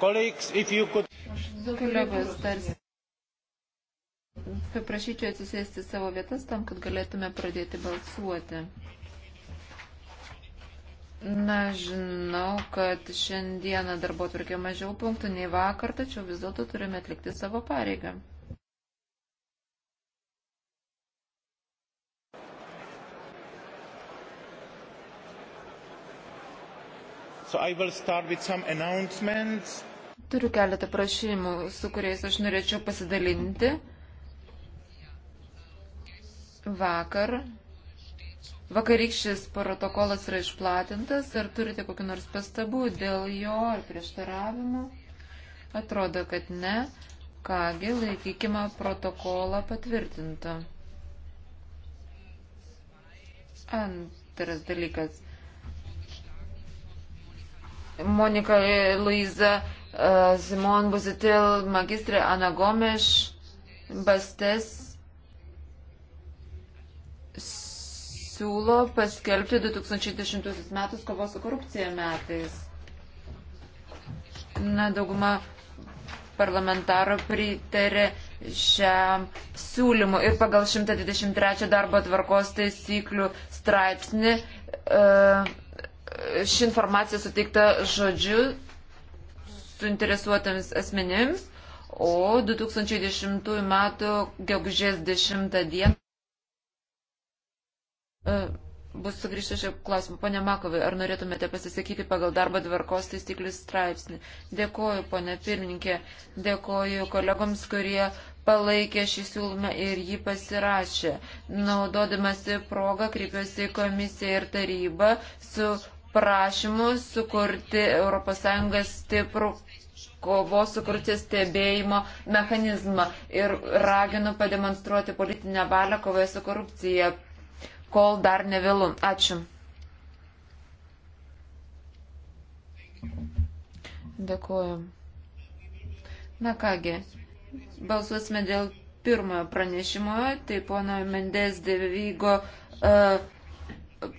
Could... Kolegos, tarsi. Paprašyčiau atsisėsti savo vietas tam, kad galėtume pradėti balsuoti. Na, žinau, kad šiandieną darbo turkė mažiau punktų nei vakar, tačiau vis dėlto turime atlikti savo pareigą. So I will start with some announcements. Turiu keletą prašymų, su kuriais aš norėčiau pasidalinti. Vakar. Vakarykštis protokolas yra išplatintas. Ar turite kokį nors pastabų dėl jo ar prieštaravimų? Atrodo, kad ne. Kągi, laikykime protokolą patvirtintą. Antras dalykas. Monika Luiza uh, Simon Buzitil, magistrė Ana Gomeš, Bastes siūlo paskelbti 2010 metus kovos su korupcija metais. Na, dauguma parlamentaro pritarė šiam siūlymu ir pagal 123 darbo tvarkos taisyklių straipsnį. Uh, e, ši informacija suteikta žodžiu suinteresuotams asmenėms, o 2010 m. gegužės 10 d. E, bus sugrįžta šio klausimu. Pone Makovai, ar norėtumėte pasisakyti pagal darbo tvarkos taisyklių straipsnį? Dėkoju, pone pirmininkė, dėkoju kolegoms, kurie palaikė šį siūlymą ir jį pasirašė. Naudodamasi progą kreipiuosi į komisiją ir tarybą su prašymus sukurti ES stiprų kovos su korupcija stebėjimo mechanizmą ir raginu pademonstruoti politinę valią kovoje su korupcija, kol dar nevėlu. Ačiū. Dėkuoju. Na kągi, balsuosime dėl pirmojo pranešimo, tai pono Mendes Devygo uh, e,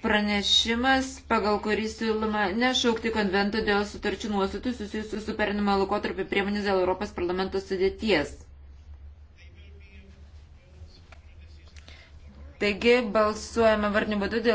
pranešimas, pagal kurį siūloma nešaukti konvento dėl sutarčių nuostatų susijusių su perinimo laikotarpio priemonės dėl Europos parlamento sudėties. Taigi balsuojame varnių būdu dėl